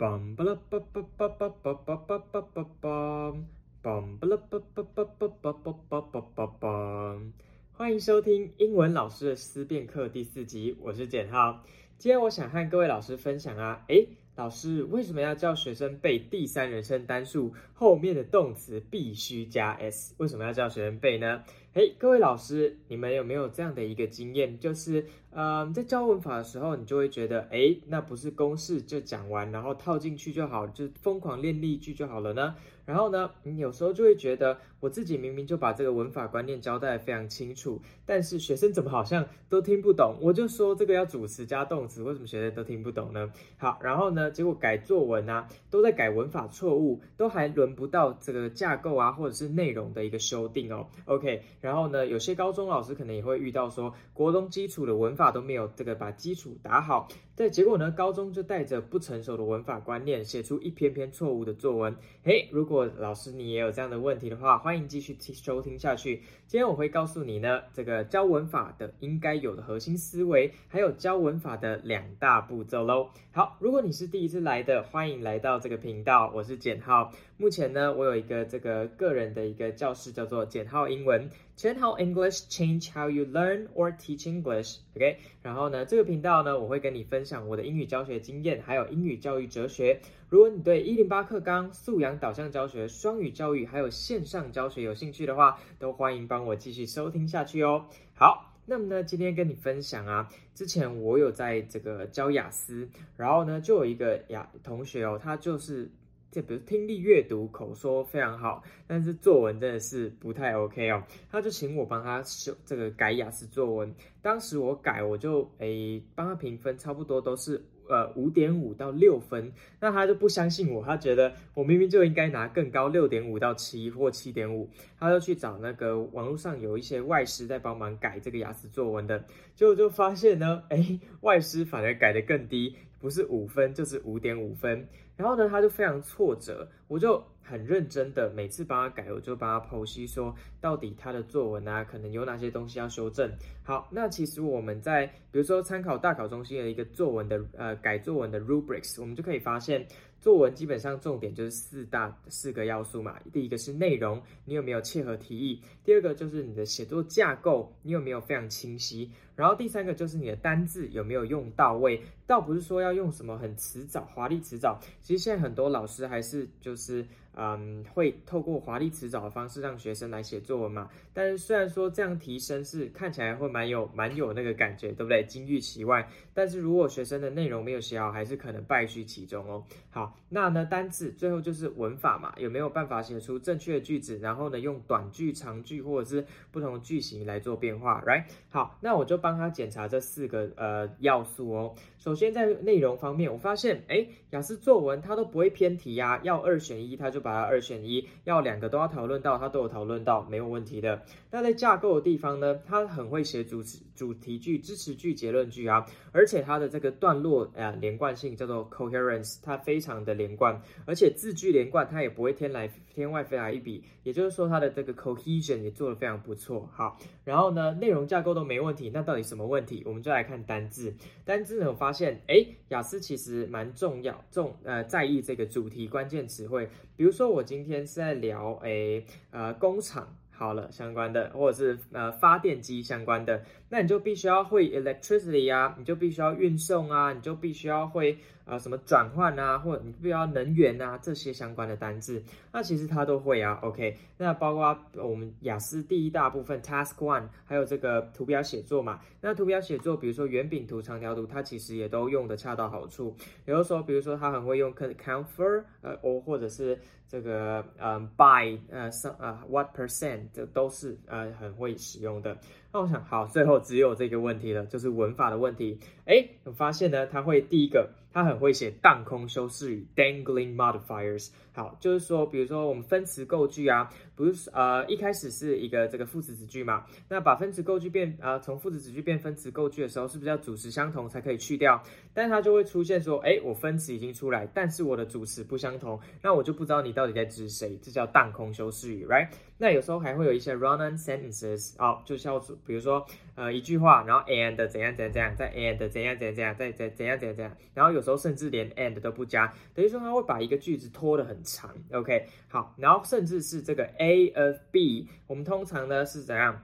棒不啦，棒棒棒棒棒棒棒棒棒棒，棒不啦，棒棒棒棒棒棒，歡迎收聽英文老師的思辨課第四集，我是簡浩。今天我想和各位老師分享啊，誒，老師為什麼要叫學生背第三人稱單數後面的動詞必須加 s？為什麼要叫學生背呢？誒、hey，各位老師，你們有沒有這樣的一個經驗，就是，嗯、呃，在教文法的時候，你就會覺得，誒、欸，那不是公式就講完，然後套進去就好，就瘋狂練例句就好了呢？然後呢，你有時候就會覺得，我自己明明就把這個文法觀念交代得非常清楚，但是學生怎麼好像都聽不懂？我就說這個要主詞加動詞，為什麼學生都聽不懂呢？好，然後呢，結果改作文啊，都在改文法錯誤，都還輪不到這個架構啊，或者是內容的一個修訂哦。OK，然後呢，有些高中老師可能也會遇到說，國中基礎的文法都沒有這個把基礎打好，但結果呢，高中就帶着不成熟的文法觀念，寫出一篇篇錯誤的作文。哎，如果如果老師你也有這樣的問題的話，歡迎繼續收聽下去。今天我會告訴你呢，這個教文法的應該有的核心思維，還有教文法的兩大步驟嘍。好，如果你是第一次來的，歡迎來到這個頻道，我是簡浩。目前呢，我有一個這個個人的一個教室叫做簡浩英文，Change how English, change how you learn or teach English。OK，然後呢，這個頻道呢，我會跟你分享我的英語教學經驗，還有英語教育哲學。如果你對一零八課綱、素養導向教學、雙語教育，還有線上教學有興趣的話，都歡迎幫我繼續收聽下去哦。好，那麼呢，今天跟你分享啊，之前我有在這個教雅思，然後呢，就有一個雅同學哦，他就是這，比如聽力、閱讀、口說非常好，但是作文真的是不太 OK 哦，他就請我幫他修這個改雅思作文，當時我改我就誒、欸，幫他評分，差不多都是。呃，五點五到六分，那他就不相信我，他覺得我明明就應該拿更高，六點五到七或七點五，他就去找那個網絡上有一些外師在幫忙改這個雅思作文的，結果就發現呢，誒，外師反而改得更低，不是五分，就是五點五分，然後呢，他就非常挫折，我就。很認真的，每次幫他改，我就幫他剖析，說到底他的作文啊，可能有哪些東西要修正。好，那其實我們在比如說參考大考中心的一個作文的呃改作文的 rubrics，我們就可以發現，作文基本上重點就是四大四個要素嘛。第一個是內容，你有沒有切合題意？第二個就是你的寫作架構，你有沒有非常清晰？然後第三個就是你的單字有沒有用到位？倒不是說要用什麼很辭藻華麗辭藻，其實現在很多老師還是就是。呃嗯，會透過華麗辭藻的方式讓學生來寫作文嘛。但是雖然說這樣提升是看起來會蠻有蠻有那個感覺，對不對？金玉其外，但是如果學生的內容沒有寫好，還是可能敗絮其中哦。好，那呢單字最後就是文法嘛，有沒有辦法寫出正確的句子？然後呢，用短句、長句或者是不同的句型來做變化，right？好，那我就幫他檢查這四個呃要素哦。首先在內容方面，我發現哎，雅思作文他都不會偏題啊。要二選一，他就把它二選一；要兩個都要討論到，他都有討論到，沒有問題的。.那在架構的地方呢，他很會寫主持、主題句、支持句、結論句啊，而且他的這個段落啊、呃、連貫性叫做 coherence，它非常的連貫，而且字句連貫，它也不會天來天外飛來一筆，也就是說它的這個 cohesion 也做得非常不錯。好，然後呢，內容架構都沒問題，那到底什麼問題？我們就來看單字。單字呢，我發現，哎、欸，雅思其實蠻重要，重呃在意這個主題關鍵詞彙。比如說我今天是在聊，哎、呃，呃，工廠。好了，相關的或者是呃發電機相關的，那你就必須要會 electricity 啊，你就必須要運送啊，你就必須要會呃什麼轉換啊，或者你須必要能源啊這些相關的單字，那其實他都會啊。OK，那包括我們雅思第一大部分 task one，還有這個圖表寫作嘛，那圖表寫作比如說圓餅圖、長條圖，它其實也都用得恰到好處。有的時候，比如說他很會用 compare 呃，或或者是。這個，嗯、um,，by，呃，some，呃，what percent，這都是，呃、uh,，很會使用的。那我想，好，最後只有這個問題了，就是文法的問題。哎，我發現呢，它會第一個。他很會寫蕩空修飾語 （dangling modifiers）。好，就是說，比如說我們分詞構句啊，不是呃一開始是一個這個副詞子句嘛？那把分詞構句變啊，從、呃、副詞子句變分詞構句的時候，是不是要主詞相同才可以去掉？但是他就會出現說，哎、欸，我分詞已經出來，但是我的主詞不相同，那我就不知道你到底在指誰，這叫蕩空修飾語，right？那有時候還會有一些 run-on sentences，哦，就像，比如說，呃，一句話，然後 and 怎樣怎樣怎樣，再 and 怎樣怎樣怎樣，再怎怎樣怎樣怎樣，然後有時候甚至連 and 都不加，等於說它會把一個句子拖得很長。OK，好，然後甚至是這個 A of B，我們通常呢是怎樣？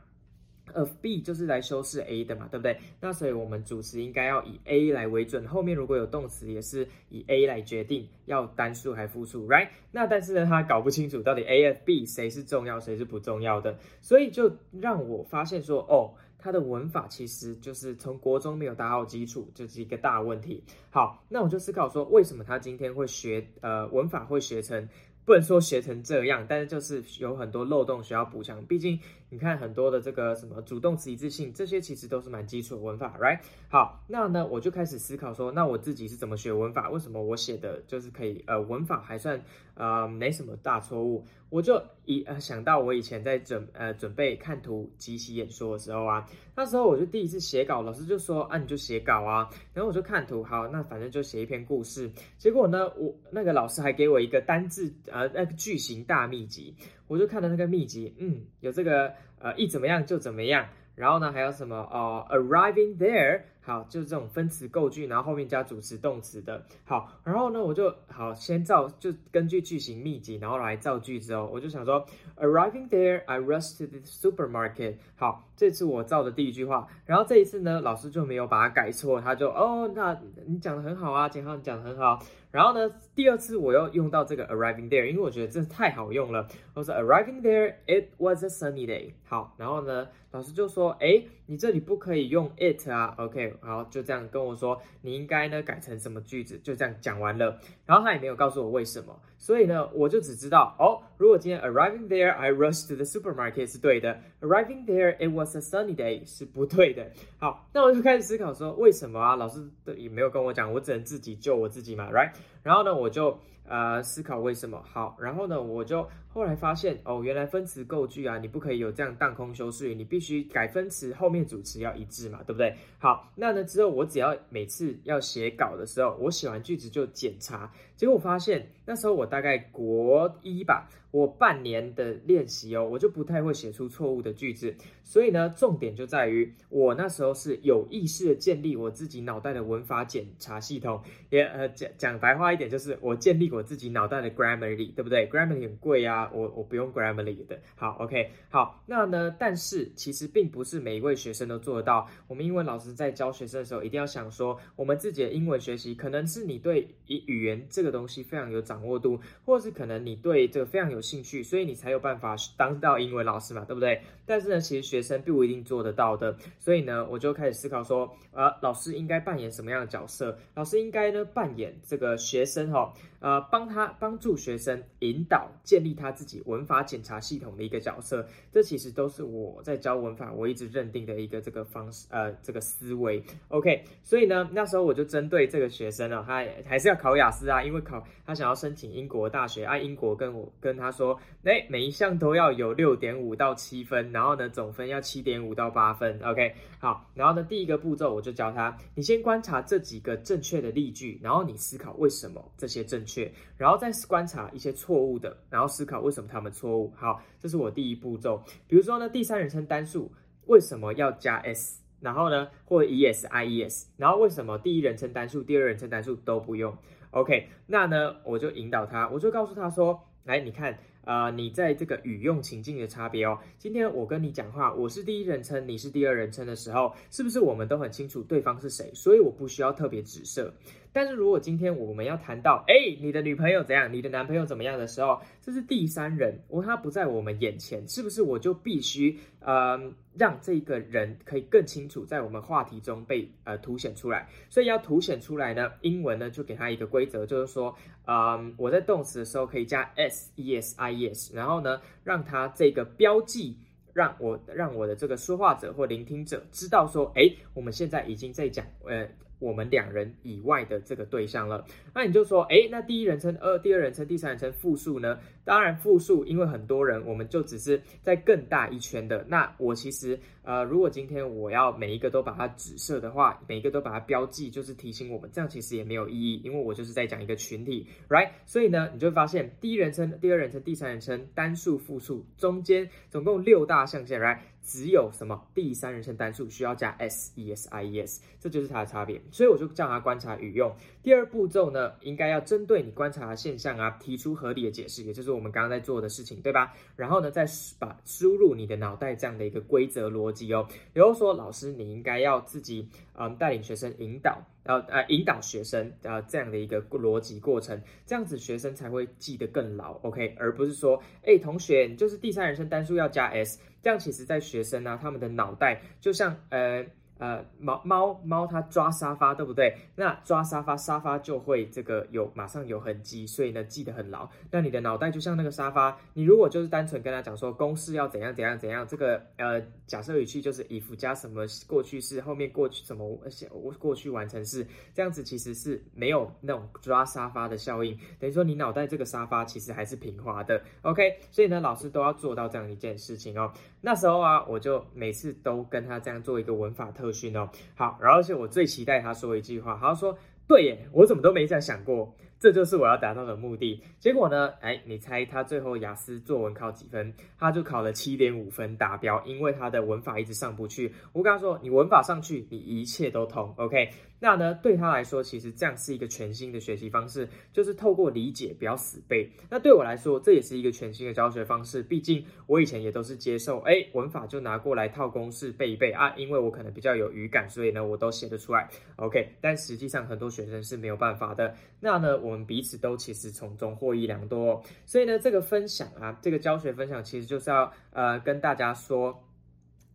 of b 就是來修飾 a 的嘛，對不對？那所以我們主詞應該要以 a 來為準，後面如果有動詞也是以 a 來決定要單數還複數，right？那但是呢，他搞不清楚到底 a of b 誰是重要，誰是不重要的，所以就讓我發現說，哦，他的文法其實就是從國中沒有打好基礎，這就是一個大問題。好，那我就思考說，為什麼他今天會學呃文法會學成，不能說學成這樣，但是就是有很多漏洞需要補強，畢竟，你看很多的這個什麼主動詞一致性，這些其實都是蠻基礎的文法，right？好，那呢我就開始思考說，那我自己是怎麼學文法？為什麼我寫的就是可以呃文法還算呃沒什麼大錯誤？我就呃想到我以前在準呃準備看圖即席演說的時候啊，那時候我就第一次寫稿，老師就說啊你就寫稿啊，然後我就看圖，好，那反正就寫一篇故事。結果呢，我那個老師還給我一個單字呃那個句型大秘籍。我就看了那個秘籍，嗯，有這個呃，一怎麼樣就怎麼樣，然後呢，還有什麼呃、哦、arriving there。好，就是這種分詞構句，然後後面加主詞動詞的。好，然後呢，我就好先造，就根據句型秘籍，然後來造句子哦。我就想說，arriving there, I rushed to the supermarket。好，這次我造的第一句話。然後這一次呢，老師就沒有把它改錯，他就哦，oh, 那你講的很好啊，簡浩你講的很好。然後呢，第二次我又用到這個 arriving there，因為我覺得真的太好用了。我說 arriving there, it was a sunny day。好，然後呢，老師就說，誒、eh,，你這裡不可以用 it 啊，OK。然後就這樣跟我說，你應該呢，改成什麼句子，就這樣講完了。然後他也沒有告訴我為什麼，所以呢，我就只知道哦，如果今天 arriving there I rushed to the supermarket 是對的，arriving there it was a sunny day 是不對的。好，那我就開始思考說，為什麼啊？老師也沒有跟我講，我只能自己救我自己嘛，right？然後呢，我就呃思考為什麼。好，然後呢，我就後來發現哦，原來分詞構句啊，你不可以有這樣當空修飾語，你必須改分詞後面主詞要一致嘛，對不對？好，那呢之後我只要每次要寫稿的時候，我寫完句子就檢查，結果我發現。那時候我大概國一吧，我半年的練習哦，我就不太會寫出錯誤的句子。所以呢，重點就在於我那時候是有意識的建立我自己腦袋的文法檢查系統。也呃講講白話一點，就是我建立我自己腦袋的 Grammarly，對不對？Grammarly 很貴啊，我我不用 Grammarly 的。好，OK，好，那呢，但是其實並不是每一位學生都做得到。我們英文老師在教學生的時候，一定要想說，我們自己的英文學習可能是你對語語言這個東西非常有長。掌握度，或是可能你對這個非常有興趣，所以你才有辦法當到英文老師嘛，對不對？但是呢，其實學生並不一定做得到的，所以呢，我就開始思考說，呃、啊，老師應該扮演什麼樣的角色？老師應該呢扮演這個學生哈。呃，幫他幫助學生引導建立他自己文法檢查系統的一個角色，這其實都是我在教文法，我一直認定的一個這個方式，呃，這個思維。OK，所以呢，那時候我就針對這個學生啊，他還是要考雅思啊，因為考他想要申請英國大學，啊英國跟我跟他說，誒每一項都要有六點五到七分，然後呢總分要七點五到八分。OK，好，然後呢第一個步驟我就教他，你先觀察這幾個正確的例句，然後你思考為什麼這些正確。然後再觀察一些錯誤的，然後思考為什麼他們錯誤。好，這是我第一步驟。比如說呢，第三人稱單數為什麼要加 S，然後呢，或者 ES、IES，然後為什麼第一人稱單數、第二人稱單數都不用？OK，那呢，我就引導他，我就告訴他說，來，你看，啊、呃，你在這個語用情境的差別哦。今天我跟你講話，我是第一人稱，你是第二人稱的時候，是不是我們都很清楚對方是誰？所以我不需要特別指涉。但是如果今天我們要談到，哎、欸，你的女朋友怎樣，你的男朋友怎麼樣的時候，這是第三人，我、哦、他不在我們眼前，是不是我就必須呃、嗯、讓這個人可以更清楚在我們話題中被呃凸顯出來？所以要凸顯出來呢，英文呢就給他一個規則，就是說，嗯，我在動詞的時候可以加 s e s i e s，然後呢，讓他這個標記讓我讓我的這個說話者或聆聽者知道說，哎、欸，我們現在已經在講呃。我們兩人以外的這個對象了，那你就說，哎，那第一人稱、二、第二人稱、第三人稱複數呢？當然複數，因為很多人，我們就只是在更大一圈的。那我其實，呃，如果今天我要每一個都把它指涉的話，每一個都把它標記，就是提醒我們，這樣其實也沒有意義，因為我就是在講一個群體，right？所以呢，你就會發現第一人稱、第二人稱、第三人稱單數、複數中間總共六大象限，right？只有什麼第三人稱單數需要加 s e s i e s，這就是它的差別。所以我就叫它觀察語用。第二步驟呢，應該要針對你觀察的現象啊，提出合理的解釋，也就是我們剛剛在做的事情，對吧？然後呢，再把輸入你的腦袋這樣的一個規則邏輯哦。比如說，老師你應該要自己嗯帶領學生引導。然後呃，引導學生，啊，這樣的一個邏輯過程，這樣子學生才會記得更牢，OK，而不是說，哎，同學，你就是第三人稱單數要加 s，這樣其實，在學生呢，他們的腦袋就像呃。呃，貓貓貓它抓沙發，對不對？那抓沙發，沙發就會這個有馬上有痕跡，所以呢，記得很牢。那你的腦袋就像那個沙發，你如果就是單純跟他講說公式要怎樣怎樣怎樣，這個呃假設語氣就是 if 加什麼過去式，後面過去什麼過去完成式，這樣子其實是沒有那種抓沙發的效應，等於說你腦袋這個沙發其實還是平滑的。OK，所以呢，老師都要做到這樣一件事情哦。那時候啊，我就每次都跟他這樣做一個文法特。特訓好，然後是，我最期待他說一句話，好像說，對耶，我怎麼都沒這樣想過。這就是我要達到的目的。結果呢？哎，你猜他最後雅思作文考幾分？他就考了七點五分，達標。因為他的文法一直上不去。我跟他說：“你文法上去，你一切都通。” OK，那呢？對他來說，其實這樣是一個全新的學習方式，就是透過理解，不要死背。那對我來說，這也是一個全新的教學方式。畢竟我以前也都是接受，哎，文法就拿過來套公式背一背啊。因為我可能比較有語感，所以呢，我都寫得出來。OK，但實際上很多學生是沒有辦法的。那呢，我。我們彼此都其實從中獲益良多，所以呢，這個分享啊，這個教學分享其實就是要呃跟大家說，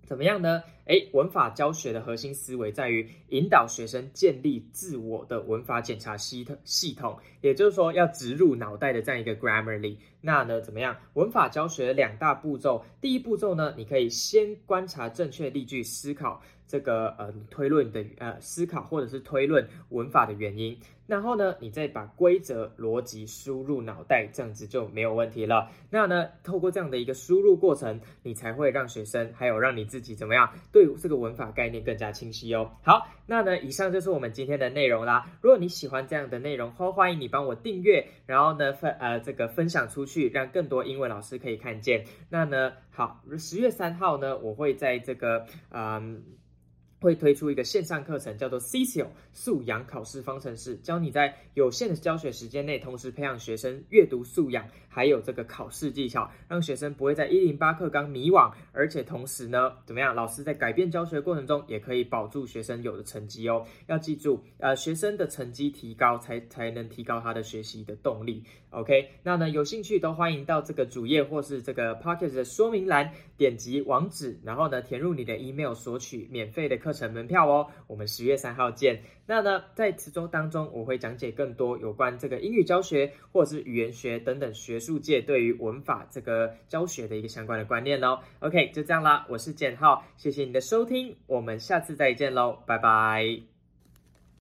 怎麼樣呢？哎，文法教學的核心思維在於引導學生建立自我的文法檢查系統系統，也就是說要植入腦袋的這樣一個 Grammarly。那呢，怎麼樣？文法教學的兩大步驟，第一步驟呢，你可以先觀察正確例句，思考這個呃推論的呃思考或者是推論文法的原因。然後呢，你再把規則邏輯輸入腦袋，這樣子就沒有問題了。那呢，透過這樣的一個輸入過程，你才會讓學生還有讓你自己怎麼樣對。對這個文法概念更加清晰哦。好，那呢，以上就是我們今天的內容啦。如果你喜歡這樣的內容，歡迎你幫我訂閱，然後呢，分呃，這個分享出去，讓更多英文老師可以看見。那呢，好，十月三號呢，我會在這個嗯。會推出一個線上課程，叫做《CESIL 素養考試方程式》，教你在有限的教學時間內，同時培養學生閱讀素養，還有這個考試技巧，讓學生不會在一零八課綱迷惘。而且同時呢，怎麼樣？老師在改變教學過程中，也可以保住學生有的成績哦。要記住，呃，學生的成績提高，才才能提高他的學習的動力。OK，那呢，有興趣都歡迎到這個主頁或是這個 Podcast 的說明欄，點擊網址，然後呢，填入你的 email 索取免費的課。課程門票哦，我們十月三號見。那呢，在其中當中，我會講解更多有關這個英語教學或者是語言學等等學術界對於文法這個教學的一個相關的觀念哦。OK，就這樣啦，我是簡浩，謝謝你的收聽，我們下次再見嘍，拜拜。